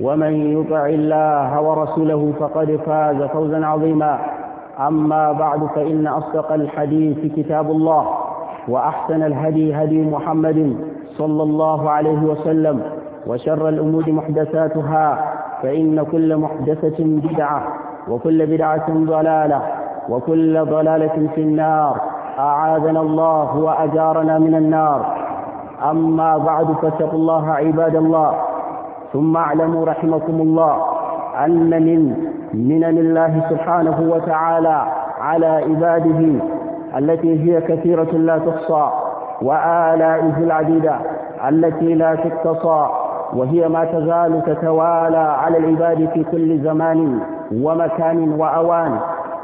ومن يطع الله ورسوله فقد فاز فوزا عظيما أما بعد فإن أصدق الحديث كتاب الله وأحسن الهدي هدي محمد صلى الله عليه وسلم وشر الأمور محدثاتها فإن كل محدثة بدعة وكل بدعة ضلالة وكل ضلالة في النار أعاذنا الله وأجارنا من النار أما بعد فاتقوا الله عباد الله ثم اعلموا رحمكم الله أن من منن الله سبحانه وتعالى على عباده التي هي كثيرة لا تحصى وآلائه العديدة التي لا تقتصى وهي ما تزال تتوالى على العباد في كل زمان ومكان وأوان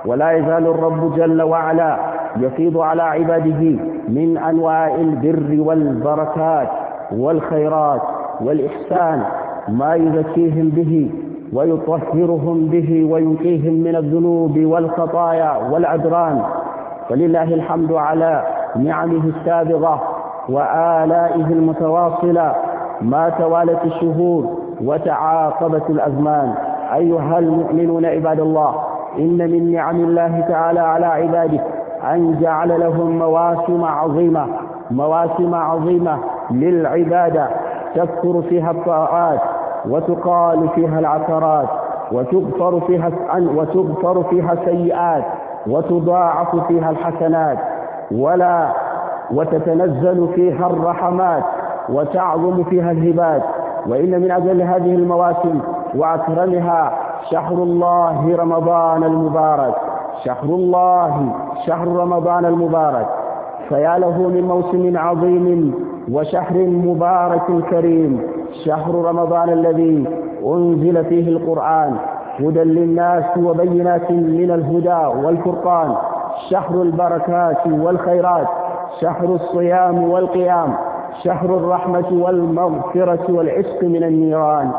ولا يزال الرب جل وعلا يفيض على عباده من أنواع البر والبركات والخيرات والإحسان ما يزكيهم به ويطهرهم به وينقيهم من الذنوب والخطايا والعدران فلله الحمد على نعمه السابغة وآلائه المتواصلة ما توالت الشهور وتعاقبت الأزمان أيها المؤمنون عباد الله إن من نعم الله تعالى على عباده أن جعل لهم مواسم عظيمة مواسم عظيمة للعبادة تكثر فيها الطاعات وتقال فيها العثرات وتغفر فيها وتغفر فيها السيئات وتضاعف فيها الحسنات ولا وتتنزل فيها الرحمات وتعظم فيها الهبات وإن من أجل هذه المواسم وأكرمها شهر الله رمضان المبارك شهر الله شهر رمضان المبارك فيا له من موسم عظيم وشهر مبارك كريم شهر رمضان الذي أنزل فيه القرآن هدى للناس وبينات من الهدى والفرقان شهر البركات والخيرات شهر الصيام والقيام شهر الرحمة والمغفرة والعشق من النيران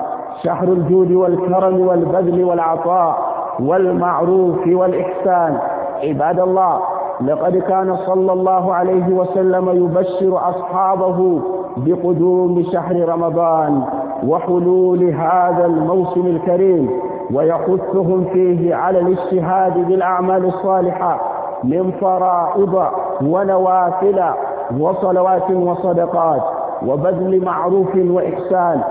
شهر الجود والكرم والبذل والعطاء والمعروف والإحسان عباد الله لقد كان صلى الله عليه وسلم يبشر أصحابه بقدوم شهر رمضان وحلول هذا الموسم الكريم ويحثهم فيه على الاجتهاد بالأعمال الصالحة من فرائض ونوافل وصلوات وصدقات وبذل معروف وإحسان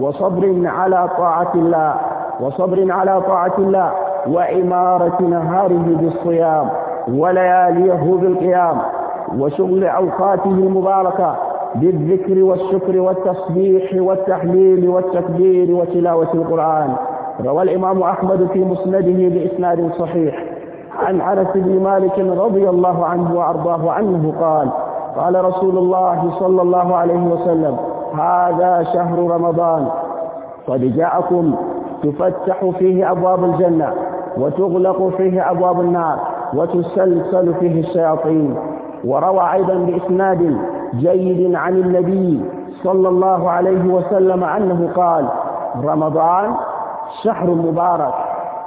وصبر على طاعة الله وصبر على طاعة الله وعمارة نهاره بالصيام ولياليه بالقيام وشغل أوقاته المباركة بالذكر والشكر والتصبيح والتحليل والتكبير وتلاوة القرآن روى الإمام أحمد في مسنده بإسناد صحيح عن أنس بن مالك رضي الله عنه وأرضاه عنه قال قال رسول الله صلى الله عليه وسلم هذا شهر رمضان قد جاءكم تفتح فيه أبواب الجنة وتغلق فيه أبواب النار وتسلسل فيه الشياطين وروى أيضا بإسناد جيد عن النبي صلى الله عليه وسلم أنه قال رمضان شهر مبارك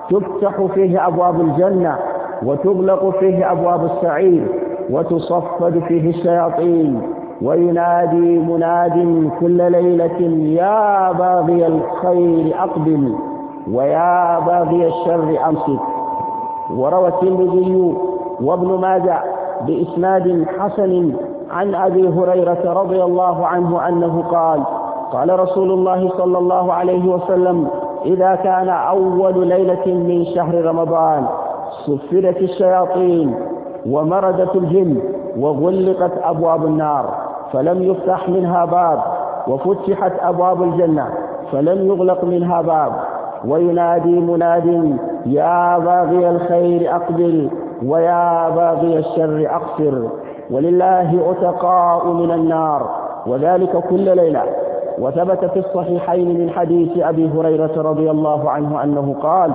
تفتح فيه أبواب الجنة وتغلق فيه أبواب السعير وتصفد فيه الشياطين وينادي مناد كل ليلة يا باغي الخير أقبل ويا باغي الشر أمسك وروى الترمذي وابن ماجه بإسناد حسن عن أبي هريرة رضي الله عنه أنه قال قال رسول الله صلى الله عليه وسلم إذا كان أول ليلة من شهر رمضان سفلت الشياطين ومردت الجن وغلقت أبواب النار فلم يفتح منها باب وفتحت أبواب الجنة فلم يغلق منها باب وينادي مناد يا باغي الخير أقبل ويا باغي الشر أقصر ولله أتقاء من النار وذلك كل ليلة وثبت في الصحيحين من حديث أبي هريرة رضي الله عنه أنه قال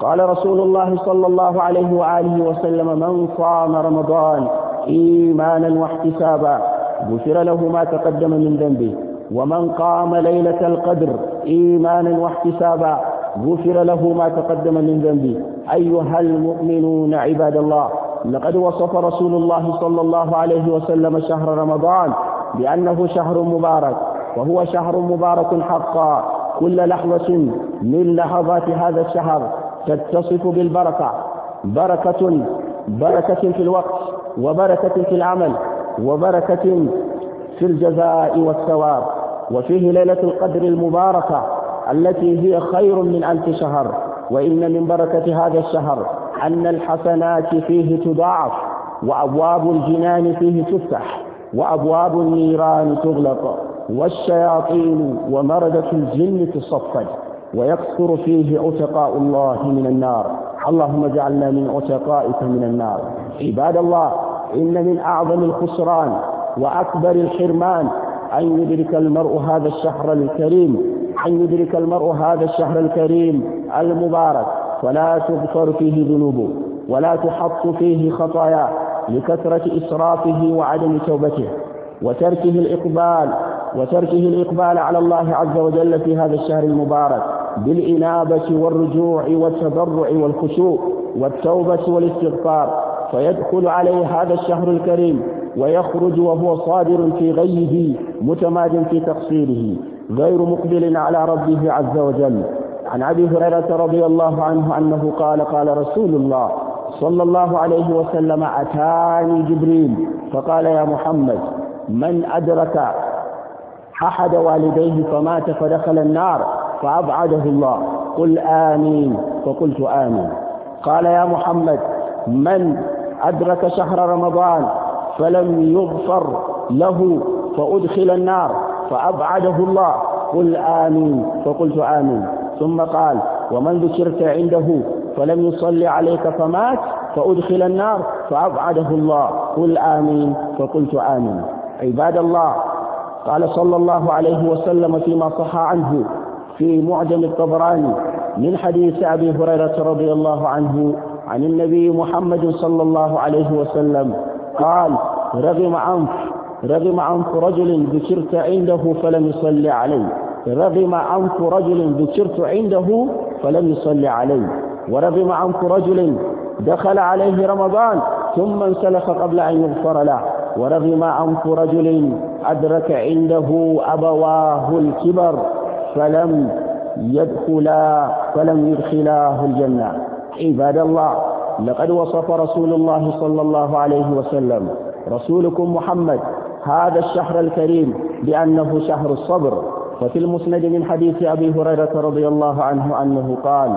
قال رسول الله صلى الله عليه وآله وسلم من صام رمضان إيمانا واحتسابا غفر له ما تقدم من ذنبه ومن قام ليلة القدر إيمانا واحتسابا غفر له ما تقدم من ذنبه أيها المؤمنون عباد الله لقد وصف رسول الله صلى الله عليه وسلم شهر رمضان بأنه شهر مبارك وهو شهر مبارك حقا كل لحظة من لحظات هذا الشهر تتصف بالبركة بركة بركة في الوقت وبركة في العمل وبركة في الجزاء والثواب وفيه ليلة القدر المباركة التي هي خير من ألف شهر وإن من بركة هذا الشهر أن الحسنات فيه تضاعف وأبواب الجنان فيه تفتح وأبواب النيران تغلق والشياطين ومردة الجن تصفد ويكثر فيه عتقاء الله من النار اللهم اجعلنا من عتقائك من النار عباد الله إن من أعظم الخسران وأكبر الحرمان أن يدرك المرء هذا الشهر الكريم أن يدرك المرء هذا الشهر الكريم المبارك فلا تغفر فيه ذنوبه ولا تحط فيه خطاياه لكثرة إسرافه وعدم توبته وتركه الإقبال وتركه الإقبال على الله عز وجل في هذا الشهر المبارك بالإنابة والرجوع والتضرع والخشوع والتوبة والاستغفار فيدخل عليه هذا الشهر الكريم ويخرج وهو صادر في غيه متماد في تقصيره غير مقبل على ربه عز وجل عن أبي هريرة رضي الله عنه أنه قال قال رسول الله صلى الله عليه وسلم أتاني جبريل فقال يا محمد من أدرك أحد والديه فمات فدخل النار فأبعده الله قل آمين فقلت آمين قال يا محمد من أدرك شهر رمضان فلم يغفر له فأدخل النار فأبعده الله قل آمين فقلت آمين ثم قال ومن ذكرت عنده فلم يصلي عليك فمات فأدخل النار فأبعده الله قل آمين فقلت آمين عباد الله قال صلى الله عليه وسلم فيما صح عنه في معجم الطبراني من حديث أبي هريرة رضي الله عنه عن النبي محمد صلى الله عليه وسلم قال رغم أنف رغم أنف رجل ذكرت عنده فلم يصلي علي رغم أنف رجل ذكرت عنده فلم يصلي علي ورغم أنف رجل دخل عليه رمضان ثم انسلخ قبل أن يغفر له ورغم أنف رجل أدرك عنده أبواه الكبر فلم يدخلا فلم يدخلاه الجنة عباد الله لقد وصف رسول الله صلى الله عليه وسلم رسولكم محمد هذا الشهر الكريم بأنه شهر الصبر وفي المسند من حديث أبي هريرة رضي الله عنه أنه قال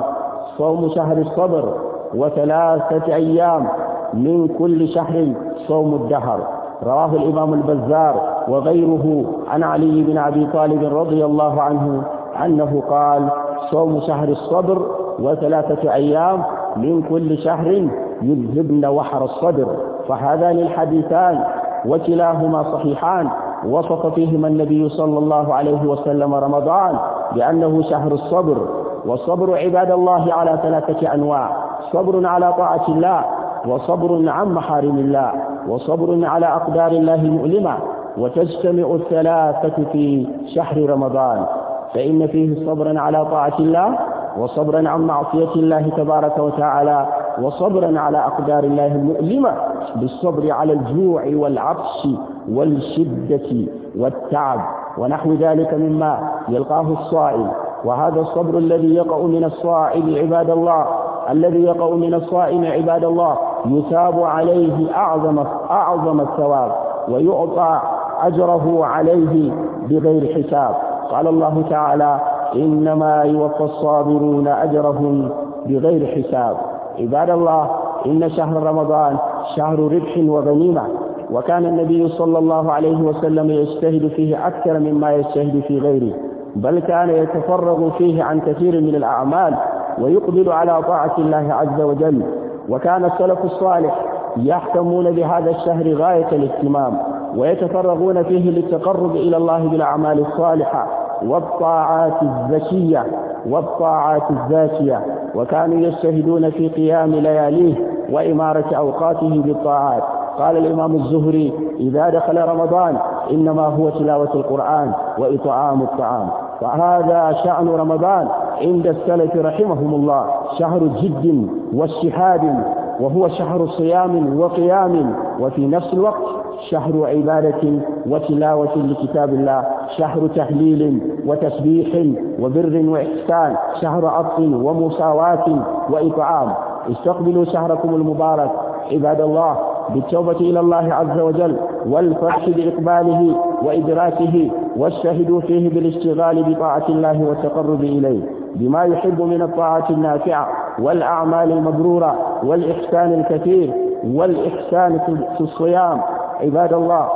صوم شهر الصبر وثلاثة أيام من كل شهر صوم الدهر رواه الإمام البزار وغيره عن علي بن أبي طالب رضي الله عنه أنه قال صوم شهر الصبر وثلاثة أيام من كل شهر يذهبن وحر الصدر فهذان الحديثان وكلاهما صحيحان وصف فيهما النبي صلى الله عليه وسلم رمضان بأنه شهر الصبر والصبر عباد الله على ثلاثة أنواع صبر على طاعة الله وصبر عن محارم الله وصبر على أقدار الله المؤلمة وتجتمع الثلاثة في شهر رمضان فإن فيه صبرا على طاعة الله وصبرا عن معصية الله تبارك وتعالى وصبرا على أقدار الله المؤلمة بالصبر على الجوع والعطش والشدة والتعب ونحو ذلك مما يلقاه الصائم وهذا الصبر الذي يقع من الصائم عباد الله الذي يقع من الصائم عباد الله يثاب عليه أعظم أعظم الثواب ويعطى أجره عليه بغير حساب قال الله تعالى إنما يوفى الصابرون أجرهم بغير حساب عباد الله إن شهر رمضان شهر ربح وغنيمة وكان النبي صلى الله عليه وسلم يجتهد فيه أكثر مما يجتهد في غيره بل كان يتفرغ فيه عن كثير من الأعمال ويقبل على طاعة الله عز وجل وكان السلف الصالح يهتمون بهذا الشهر غاية الاهتمام ويتفرغون فيه للتقرب إلى الله بالأعمال الصالحة والطاعات الزكية والطاعات الزاكية وكانوا يجتهدون في قيام لياليه وإمارة أوقاته بالطاعات قال الإمام الزهري إذا دخل رمضان إنما هو تلاوة القرآن وإطعام الطعام فهذا شأن رمضان عند السلف رحمهم الله شهر جد واجتهاد وهو شهر صيام وقيام وفي نفس الوقت شهر عبادة وتلاوة لكتاب الله شهر تهليل وتسبيح وبر وإحسان شهر عطف ومساواة وإطعام استقبلوا شهركم المبارك عباد الله بالتوبة إلى الله عز وجل والفرح بإقباله وإدراكه واجتهدوا فيه بالاشتغال بطاعة الله والتقرب إليه بما يحب من الطاعات النافعة والأعمال المبرورة والإحسان الكثير والإحسان في الصيام عباد الله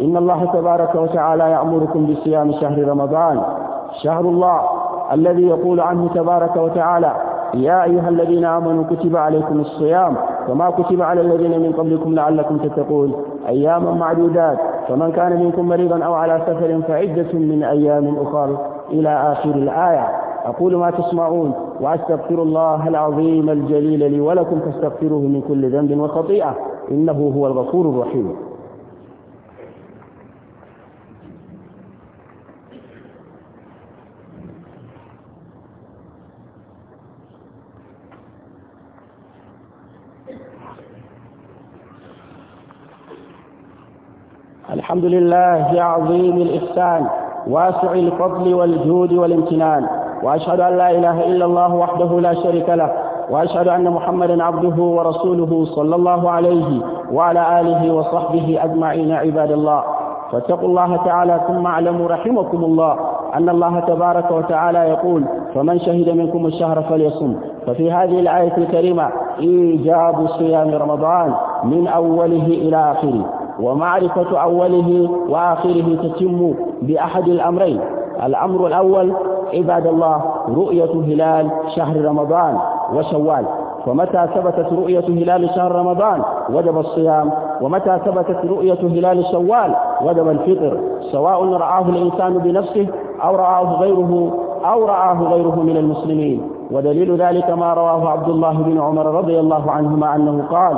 إن الله تبارك وتعالى يأمركم بصيام شهر رمضان شهر الله الذي يقول عنه تبارك وتعالى يا أيها الذين آمنوا كتب عليكم الصيام كما كتب على الذين من قبلكم لعلكم تتقون أياما معدودات فمن كان منكم مريضا أو على سفر فعدة من أيام أخر إلى آخر الآية أقول ما تسمعون وأستغفر الله العظيم الجليل لي ولكم فاستغفروه من كل ذنب وخطيئة إنه هو الغفور الرحيم الحمد لله عظيم الإحسان واسع الفضل والجود والامتنان وأشهد أن لا إله إلا الله وحده لا شريك له وأشهد أن محمدا عبده ورسوله صلى الله عليه وعلى آله وصحبه أجمعين عباد الله فاتقوا الله تعالى ثم اعلموا رحمكم الله أن الله تبارك وتعالى يقول فمن شهد منكم الشهر فليصم ففي هذه الآية الكريمة إيجاب صيام رمضان من أوله إلى آخره ومعرفة أوله وآخره تتم بأحد الأمرين الأمر الأول عباد الله رؤية هلال شهر رمضان وشوال فمتى ثبتت رؤية هلال شهر رمضان وجب الصيام ومتى ثبتت رؤية هلال شوال وجب الفطر سواء رآه الإنسان بنفسه أو رآه غيره أو رآه غيره من المسلمين ودليل ذلك ما رواه عبد الله بن عمر رضي الله عنهما أنه قال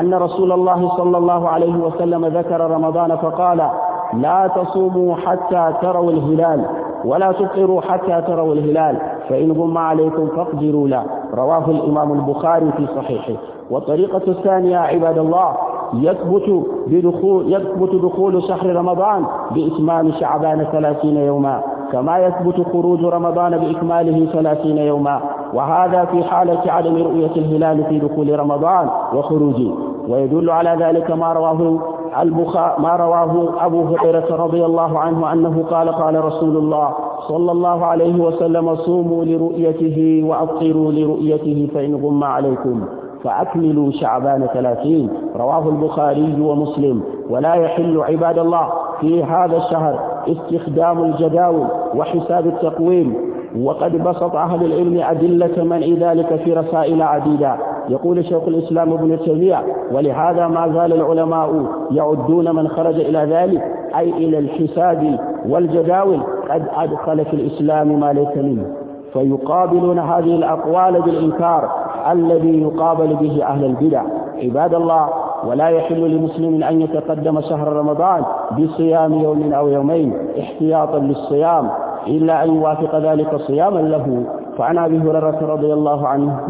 أن رسول الله صلى الله عليه وسلم ذكر رمضان فقال لا تصوموا حتى تروا الهلال ولا تفطروا حتى تروا الهلال فإن غم عليكم فاقدروا له رواه الإمام البخاري في صحيحه والطريقة الثانية عباد الله يثبت بدخول يثبت دخول شهر رمضان بإتمام شعبان ثلاثين يوما كما يثبت خروج رمضان بإكماله ثلاثين يوما وهذا في حالة عدم رؤية الهلال في دخول رمضان وخروجه ويدل على ذلك ما رواه البخاري ما رواه أبو هريرة رضي الله عنه أنه قال قال رسول الله صلى الله عليه وسلم صوموا لرؤيته وأفطروا لرؤيته فإن غم عليكم فأكملوا شعبان ثلاثين رواه البخاري ومسلم ولا يحل عباد الله في هذا الشهر استخدام الجداول وحساب التقويم وقد بسط أهل العلم أدلة منع ذلك في رسائل عديدة يقول شيخ الإسلام ابن تيمية ولهذا ما زال العلماء يعدون من خرج إلى ذلك أي إلى الحساب والجداول قد أدخل في الإسلام ما ليس منه فيقابلون هذه الأقوال بالإنكار الذي يقابل به أهل البدع عباد الله ولا يحل لمسلم أن يتقدم شهر رمضان بصيام يوم أو يومين احتياطا للصيام إلا أن يوافق ذلك صياما له فعن أبي هريرة رضي الله عنه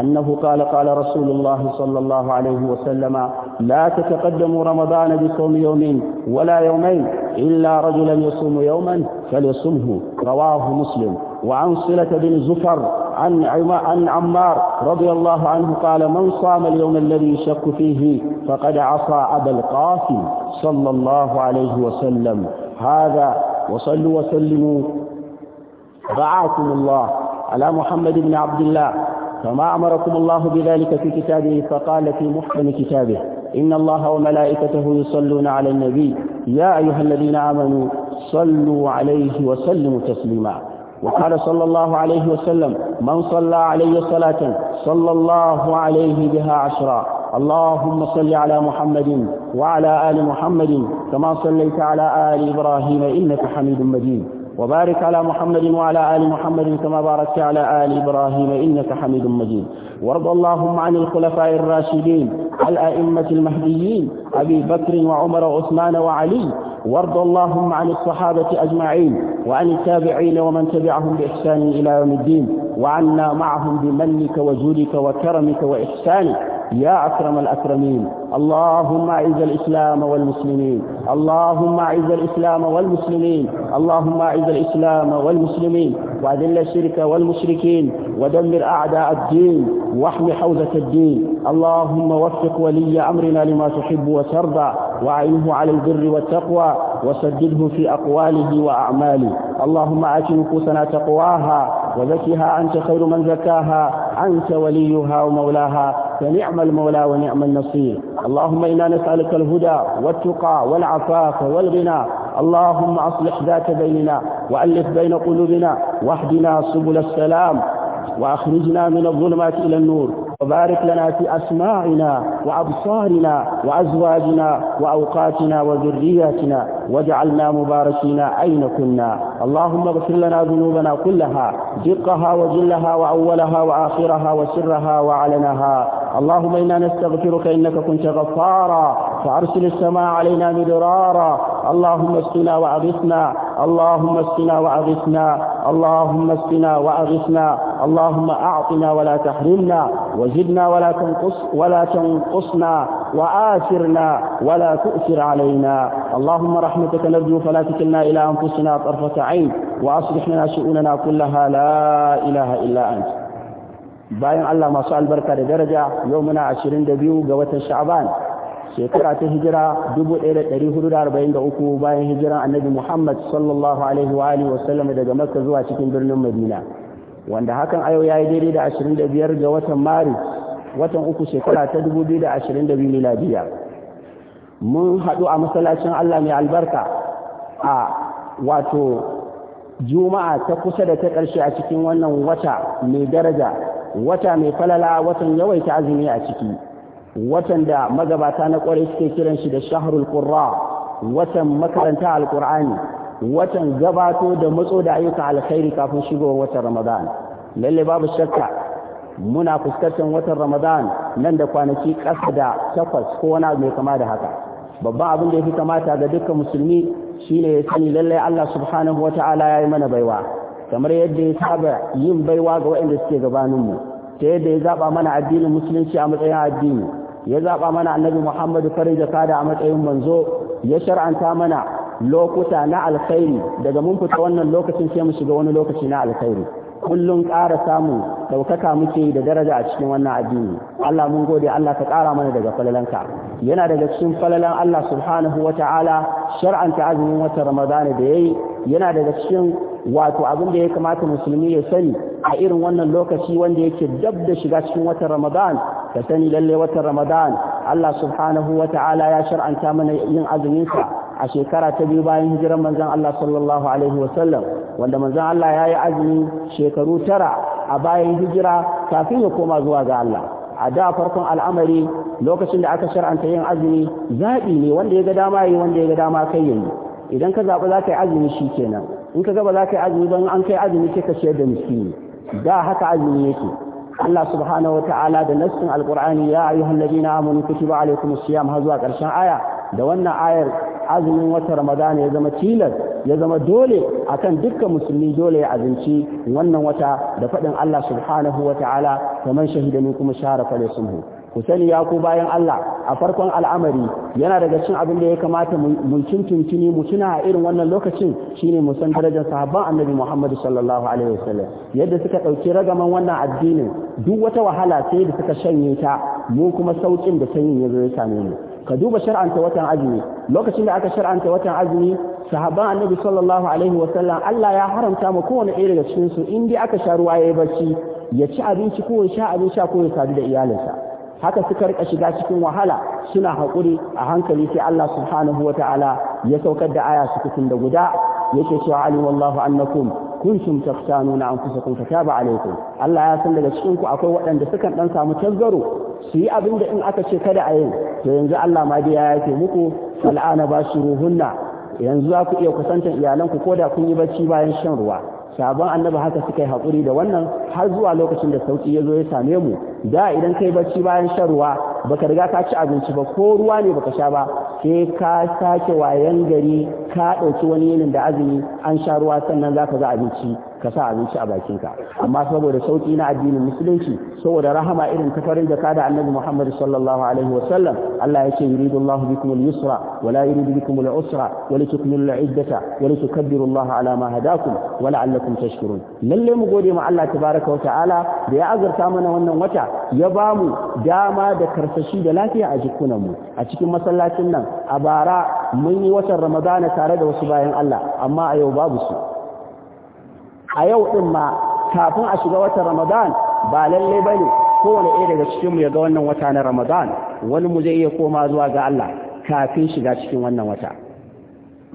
أنه قال قال رسول الله صلى الله عليه وسلم لا تتقدموا رمضان بصوم يوم ولا يومين إلا رجلا يصوم يوما فليصمه رواه مسلم وعن صلة بن زفر عن عن عمار رضي الله عنه قال من صام اليوم الذي يشك فيه فقد عصى أبا القاسم صلى الله عليه وسلم هذا وصلوا وسلموا رعاكم الله على محمد بن عبد الله فما أمركم الله بذلك في كتابه فقال في محكم كتابه إن الله وملائكته يصلون على النبي يا أيها الذين آمنوا صلوا عليه وسلموا تسليما وقال صلى الله عليه وسلم من صلى علي صلاة صلى الله عليه بها عشرا اللهم صل على محمد وعلى آل محمد كما صليت على آل إبراهيم إنك حميد مجيد وبارك على محمد وعلى آل محمد كما باركت على آل إبراهيم إنك حميد مجيد وارض اللهم عن الخلفاء الراشدين الأئمة المهديين أبي بكر وعمر وعثمان وعلي وارض اللهم عن الصحابة أجمعين وعن التابعين ومن تبعهم بإحسان إلى يوم الدين وعنا معهم بمنك وجودك وكرمك وإحسانك يا أكرم الأكرمين اللهم أعز الإسلام والمسلمين اللهم أعز الإسلام والمسلمين اللهم أعز الإسلام والمسلمين وأذل الشرك والمشركين ودمر أعداء الدين واحم حوزة الدين اللهم وفق ولي أمرنا لما تحب وترضى وأعينه على البر والتقوى وسدده في أقواله وأعماله اللهم آت نفوسنا تقواها وزكها أنت خير من زكاها أنت وليها ومولاها فنعم المولى ونعم النصير اللهم إنا نسألك الهدى والتقى والعفاف والغنى اللهم أصلح ذات بيننا وألف بين قلوبنا واهدنا سبل السلام وأخرجنا من الظلمات إلى النور وبارك لنا في أسماعنا وأبصارنا وأزواجنا وأوقاتنا وذرياتنا وجعلنا مباركين أين كنا اللهم اغفر لنا ذنوبنا كلها دقها وجلها وأولها وآخرها وسرها وعلنها اللهم إنا نستغفرك إنك كنت غفارا فأرسل السماء علينا مدرارا اللهم اسقنا وأغثنا اللهم اسقنا وأغثنا اللهم اسقنا وأغثنا اللهم أعطنا ولا تحرمنا وزدنا ولا تنقص ولا تنقصنا وآثرنا ولا تؤثر علينا اللهم رحمتك نرجو فلا تكلنا إلى أنفسنا طرفة عين وأصلح لنا شؤوننا كلها لا إله إلا أنت bayan Allah masu albarka da daraja yau muna 22 ga watan Sha'ban shekara ta hijira 1443 bayan hijiran Annabi Muhammad sallallahu alaihi wa alihi daga Makka zuwa cikin birnin Madina wanda hakan a yau yayi daidai da 25 ga watan Maris watan uku shekara ta 2022 miladiya mun haɗu a masallacin Allah mai albarka a wato juma'a ta kusa da ta ƙarshe a cikin wannan wata mai daraja wata mai falala watan yawaita azumi a ciki watan da magabata na ƙwarai suke kiran shi da shahrul qurra watan makaranta alqur'ani watan gabato da matso da ayyuka alkhairi kafin shigowar watan ramadan lalle babu shakka muna fuskantar watan ramadan nan da kwanaki ƙasa da takwas ko wani mai kama da haka babban abin da ya fi kamata ga dukkan musulmi shine ya sani lallai Allah subhanahu wata'ala ya yi mana baiwa kamar yadda ya saba yin baiwa ga waɗanda suke gabaninmu ta yadda ya zaɓa mana addinin musulunci a matsayin addini ya zaɓa mana annabi muhammadu farin jakada a matsayin manzo ya shar'anta mana lokuta na alkhairi daga mun fita wannan lokacin sai mu shiga wani lokaci na alkhairi kullum ƙara samun ɗaukaka muke da daraja a cikin wannan addini Allah mun gode Allah ka ƙara mana daga falalanka yana daga cikin falalan Allah subhanahu wa ta'ala shar'anta azumin watan Ramadana. da yayi yana daga cikin wato abin da ya kamata musulmi ya sani a irin wannan lokaci wanda yake dab da shiga cikin watan Ramadan ka sani lalle watan Ramadan Allah subhanahu wa ta'ala ya shar'anta mana yin azumin sa a shekara ta biyu bayan hijiran manzan Allah sallallahu alaihi wasallam wanda manzan Allah ya yi azumi shekaru tara a bayan hijira kafin ya koma zuwa ga Allah a da farkon al'amari lokacin da aka shar'anta yin azumi zaɓi ne wanda ya ga dama yi wanda ya ga dama kai yi. idan ka zaɓi za ka yi azumi shi kenan in ka gaba za ka yi azumi don an kai azumi sai ka ciyar da miskini da haka azumi yake Allah subhanahu wata'ala da nassin alqur'ani ya ayyuhan ladina amanu kutiba alaykumus siyam har zuwa ƙarshen aya da wannan ayar azumin wata ramadana ya zama tilas ya zama dole akan dukkan musulmi dole ya azinci wannan wata da faɗin Allah subhanahu wa ta'ala kamar shahida min kuma shahara fale sunhu ku sani ya ku bayan Allah a farkon al'amari yana daga cin abin da ya kamata mu tuntuntuni mu tuna a irin wannan lokacin shine mu san darajar sahabban annabi Muhammad sallallahu alaihi wasallam yadda suka dauki ragaman wannan addinin duk wata wahala sai da suka shanye ta mu kuma saukin da sanyin yazo ya same mu ka duba shar'anta watan azumi lokacin da aka shar'anta watan azumi sahaban annabi sallallahu alaihi wa sallam Allah ya haramta mu kowane ɗaya daga cikin su in dai aka sha ruwa yayi bacci ya ci abinci ko sha abin sha ko ya sadu da iyalinsa haka suka rika shiga cikin wahala suna haƙuri a hankali sai Allah subhanahu wa ta'ala ya saukar da aya su cikin da guda yake cewa alimallahu annakum kuntum taftanuna anfusakum fataba alaykum Allah ya san daga cikin ku akwai waɗanda suka dan samu tazzaro su yi abin da in aka ce kada a yi. to yanzu Allah ma dai ya yake muku al'ana bashuruhunna yanzu za ku iya kusantar iyalanku ko da kun yi bacci bayan shan ruwa sabon annabi haka suka yi haƙuri da wannan har zuwa lokacin da sauki ya zo ya same mu da idan kai bacci bayan shan ruwa baka riga ka ci abinci ba ko ruwa ne baka sha ba sai ka sake wayan gari ka ɗauki wani yinin da azumi an sha ruwa sannan zaka ga abinci ka sa abinci a bakinka amma saboda sauki na addinin musulunci saboda rahama irin ta farin jaka da annabi Muhammad sallallahu alaihi wasallam Allah yake yuridu Allahu bikum al-yusra wa la yuridu bikum al-usra wa li tukmilu al-iddata wa li tukabbiru Allah ala ma hadakum wa la'allakum tashkurun lalle mu gode ma Allah tabaraka wa ta'ala da ya azurta mana wannan wata ya bamu dama da karsashi da lafiya a mu, a cikin masallacin nan a bara mun yi watan Ramadana tare da wasu bayan Allah amma a yau babu su a yau ɗin ma kafin a shiga watan ramadan ba lalle ba ne kowane ɗaya daga cikinmu ya ga wannan wata na ramadan wani mu zai iya koma zuwa ga Allah kafin shiga cikin wannan wata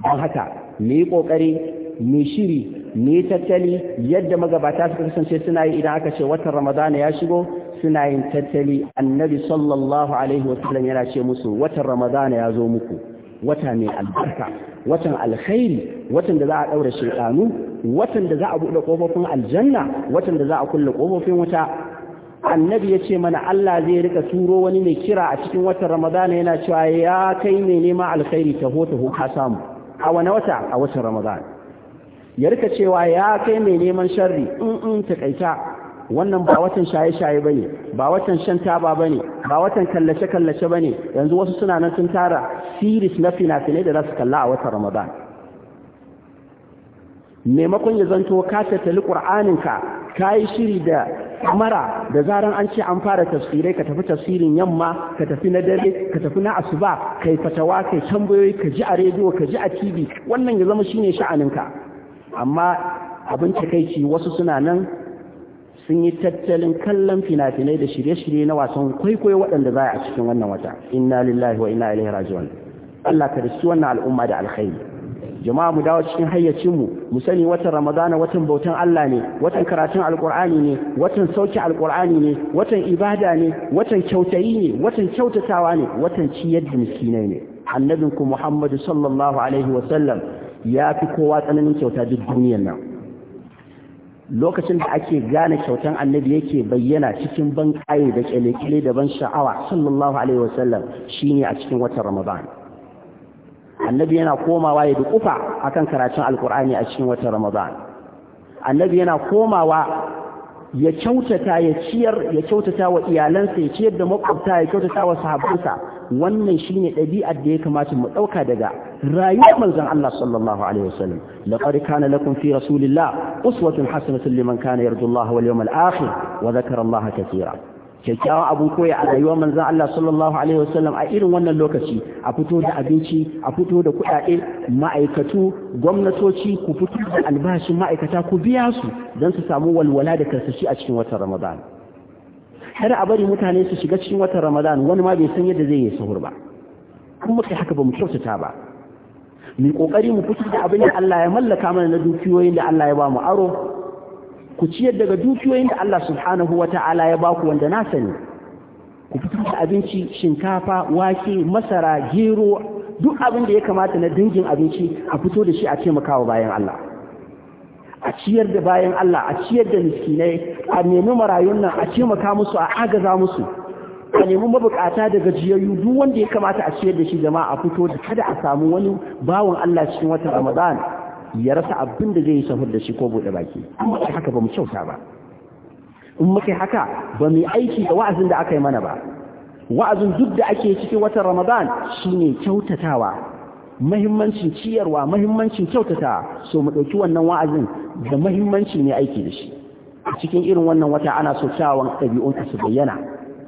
don haka mu yi ƙoƙari mu shiri mu yi tattali yadda magabata suka kasance suna yi idan aka ce watan ramadan ya shigo suna yin tattali annabi sallallahu alaihi wasallam yana ce musu watan ramadan ya zo muku wata mai albarka watan alkhairi watan da za a daura shaytanu watan da za a bude kofofin aljanna watan da za a kulle kofofin wuta annabi ya ce mana Allah zai rika turo wani mai kira a cikin watan ramadana yana cewa ya kai mai nema alkhairi taho taho ka samu a wani wata a watan ramadana ya rika cewa ya kai mai neman sharri in in takaita wannan ba watan shaye-shaye bane ba watan shan taba bane ba watan kallace-kallace bane yanzu wasu suna nan sun tara series na fina-finai da za su kalla a watan Ramadan maimakon ya zanto ka tattali ƙur'aninka ka yi shiri da mara da zaran an ce an fara tafsirai ka tafi tafsirin yamma ka tafi na dare ka tafi na asuba ka yi fatawa ka tambayoyi ka ji a rediyo ka ji a tv wannan ya zama shine sha'aninka amma abin takaici wasu suna nan sun yi tattalin kallon fina-finai da shirye-shirye na wasan kwaikwayo waɗanda za a cikin wannan wata inna lillahi wa inna ilaihi Allah ka riski wannan al'umma da alkhairi jama'a mu dawo cikin hayyacinmu mu sani watan ramadana watan bautan Allah ne watan karatun alkur'ani ne watan sauki alkur'ani ne watan ibada ne watan kyautayi ne watan kyautatawa ne watan ciyar da miskinai ne annabinku muhammadu sallallahu alaihi ya fi kowa tsananin kyauta duk duniyar nan lokacin da ake gane kyautan annabi yake bayyana cikin ban ƙaye da kyale-kyale da ban sha'awa sallallahu alaihi wasallam shine a cikin watan ramadan annabi yana komawa ya dukufa akan karatun alkur'ani a cikin watan ramadan annabi yana komawa ya kyautata ya ciyar ya kyautata wa iyalansa ya ciyar da makwabta ya kyautata wa sahabbansa wannan shine ɗabi'ar da ya kamata mu ɗauka daga rayuwar manzon Allah sallallahu alaihi wasallam laqad kana lakum fi rasulillah uswatun hasanatun liman kana yarju Allah wal yawmal akhir wa dhakara Allah katira kyakkyawan abun koya a rayuwar manzon Allah sallallahu alaihi wasallam a irin wannan lokaci a fito da abinci a fito da kuɗaɗe ma'aikatu gwamnatoci ku fito da albashin ma'aikata ku biya su don su samu walwala da karsashi a cikin watan Ramadan kada a bari mutane su shiga cikin watan Ramadan wani ma bai san yadda zai yi sahur ba kun kai haka ba mu kyautata ba mu kokari mu fito da abin da Allah ya mallaka mana na dukiyoyin da Allah ya ba mu aro ku ciyar daga dukiyoyin da Allah subhanahu wa ta'ala ya baku wanda na sani ku fitar da abinci shinkafa wake masara gero duk abin da ya kamata na dingin abinci a fito da shi a taimakawa bayan Allah a ciyar da bayan Allah a ciyar da miskinai a nemi marayun nan a taimaka musu a agaza musu a nemi mabukata da gajiyayyu duk wanda ya kamata a ciyar da shi jama'a a fito da kada a samu wani bawan Allah cikin watan Ramadan ya rasa abin da zai yi sahur da shi ko buɗe baki amma haka ba mu kyauta ba in muka haka ba mu aiki da wa'azin da aka yi mana ba wa'azin duk da ake cikin watan ramadan ne kyautatawa mahimmancin ciyarwa mahimmancin kyautata so mu ɗauki wannan wa'azin da mahimmanci ne aiki da shi cikin irin wannan wata ana so kyawawan ɗabi'unka su bayyana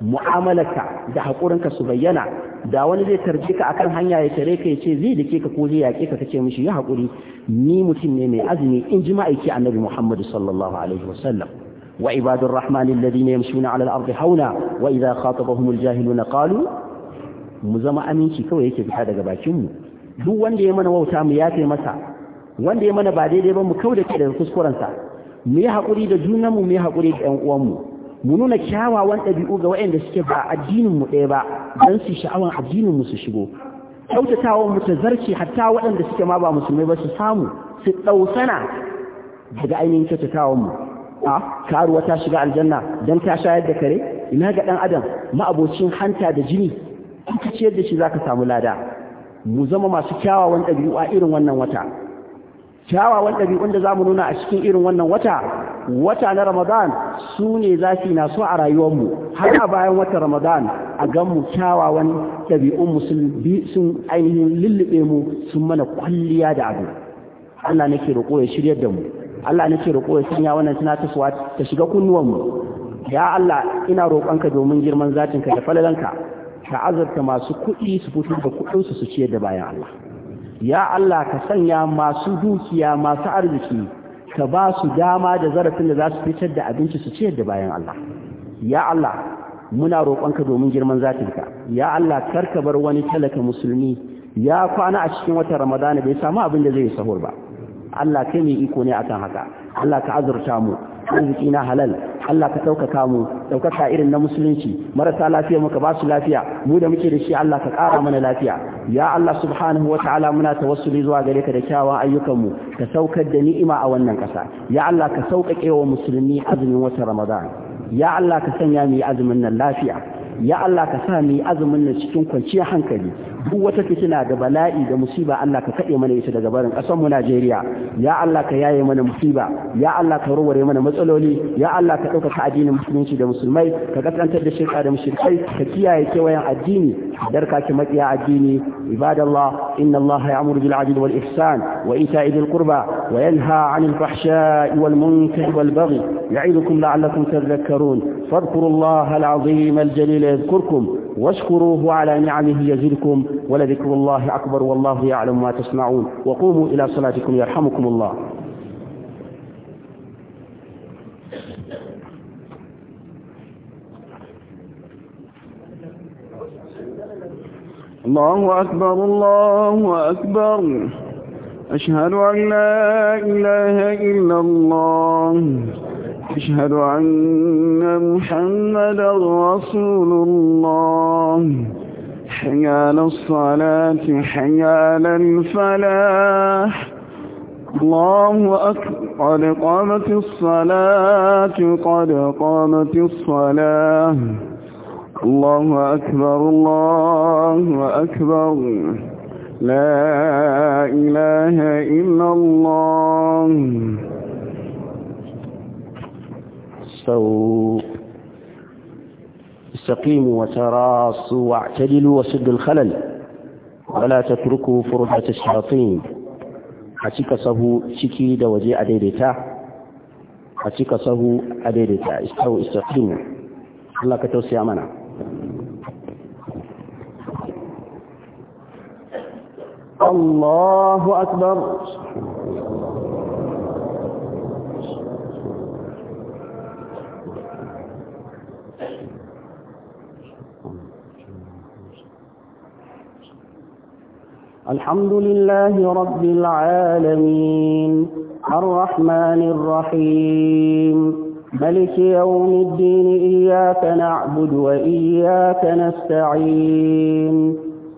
mu'amalarka da haƙurinka su bayyana da wani zai tarbe ka akan hanya ya tare ka ya ce zai dake ka ko zai yaƙe ka kace mishi ya haƙuri ni mutum ne mai azumi in ji ma'aiki annabi Muhammad sallallahu alaihi wasallam wa ibadur rahmani alladhina yamshuna ala al-ardi hauna wa idha khatabahum al-jahiluna qalu mu zama aminci kawai yake fita daga bakin mu duk wanda ya mana wauta mu yafe masa wanda ya mana ba daidai ba mu kauda kai daga kuskurensa mu yi haƙuri da junanmu mu yi haƙuri da ƴan uwanmu mu nuna kyawawan ɗabi'u ga waɗanda suke ba addinin mu ɗaya ba don su sha'awan addinin mu su shigo kyautatawa mu ta zarce hatta waɗanda suke ma ba musulmai ba su samu su ɗausana daga ainihin kyautatawan mu a karuwa ta shiga aljanna don ta shayar da kare ina ga ɗan adam ma'abocin hanta da jini in ka ciyar da shi za ka samu lada mu zama masu kyawawan ɗabi'u a irin wannan wata kyawawan ɗabi'un da za mu nuna a cikin irin wannan wata wata na ramadan su ne za na so a rayuwarmu har a bayan wata ramadan a ganmu kyawawan ɗabi'unmu sun ainihin lullube mu sun mana kwalliya da abu allah nake roƙo ya shiryar da mu allah nake roƙo ya sanya wannan tunatarwa ta shiga kunnuwan mu. ya allah ina roƙonka domin girman zatinka da falalanka ka azurta masu kuɗi su fito da kuɗinsu su ciyar da bayan allah ya Allah ka sanya masu dukiya masu arziki ka ba su dama da zarafin da za su fitar da abinci su ciyar da bayan Allah ya Allah muna roƙonka domin girman zatinka ya Allah karka bar wani talaka musulmi ya kwana a cikin watan ramadana bai samu abin da zai sahur ba Allah kai mai iko ne akan haka Allah ka azurta mu arziki na halal Allah ka ɗaukaka mu ɗaukaka irin na musulunci marasa lafiya muka ba su lafiya mu da muke da shi Allah ka ƙara mana lafiya ya Allah subhanahu ta'ala muna tawassuli zuwa gare ka da kyawawan ayyukanmu ka saukar da ni'ima a wannan ƙasa ya Allah ka sauƙaƙe wa musulmi azumin watan Ramadan ya Allah ka sanya mu yi azumin nan lafiya ya Allah ka sa mu azumin nan cikin kwanciyar hankali duk wata fitina da bala'i da musiba Allah ka kaɗe mana ita daga barin kasar mu Najeriya ya Allah ka yaye mana musiba ya Allah ka warware mana matsaloli ya Allah ka ɗaukaka addinin musulunci da musulmai ka kaskantar da shirka da mushrikai ka kiyaye kewayen addini دركا يا عديني عباد الله إن الله يعمر بالعدل والإحسان وإيتاء ذي القربى وينهى عن الفحشاء والمنكر والبغي يعيدكم لعلكم تذكرون فاذكروا الله العظيم الجليل يذكركم واشكروه على نعمه يزدكم ولذكر الله أكبر والله يعلم ما تسمعون وقوموا إلى صلاتكم يرحمكم الله الله أكبر الله أكبر أشهد أن لا إله إلا الله أشهد أن محمدا رسول الله حي على الصلاة حي على الفلاح الله أكبر قد قامت الصلاة قد قامت الصلاة الله أكبر الله أكبر لا إله إلا الله استووا استقيموا وتراصوا واعتدلوا وسدوا الخلل ولا تتركوا فرحة الشياطين حتيك صهو شكي دوجي أديدتا حتيك صهو أديدتا استووا استقيموا الله كتوسي أمنا الله أكبر الحمد لله رب العالمين الرحمن الرحيم ملك يوم الدين إياك نعبد وإياك نستعين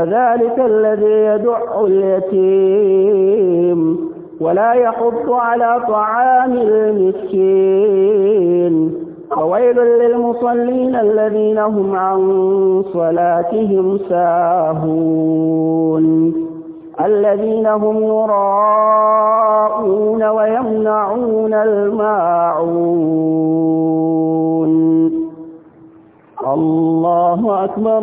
فذلك الذي يدع اليتيم ولا يحط على طعام المسكين فويل للمصلين الذين هم عن صلاتهم ساهون الذين هم يراءون ويمنعون الماعون الله أكبر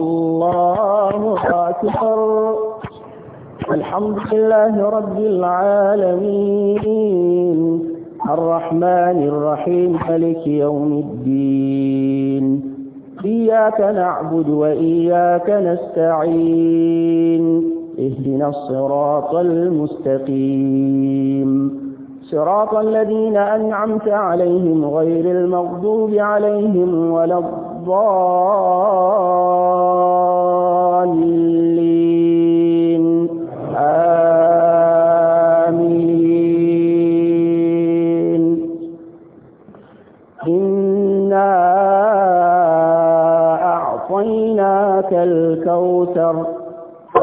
الله أكبر الحمد لله رب العالمين الرحمن الرحيم ملك يوم الدين إياك نعبد وإياك نستعين اهدنا الصراط المستقيم صراط الذين أنعمت عليهم غير المغضوب عليهم ولا الضالين آمين إنا أعطيناك الكوثر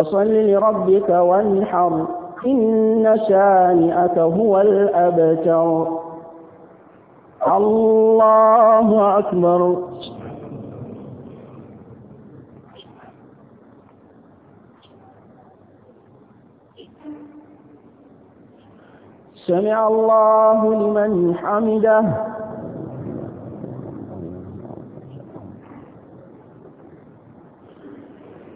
فصل لربك وانحر إن شانئك هو الأبتر الله أكبر سمع الله لمن حمده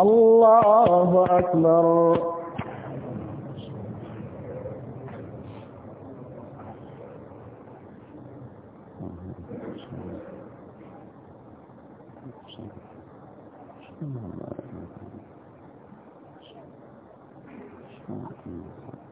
الله أكبر Thank you.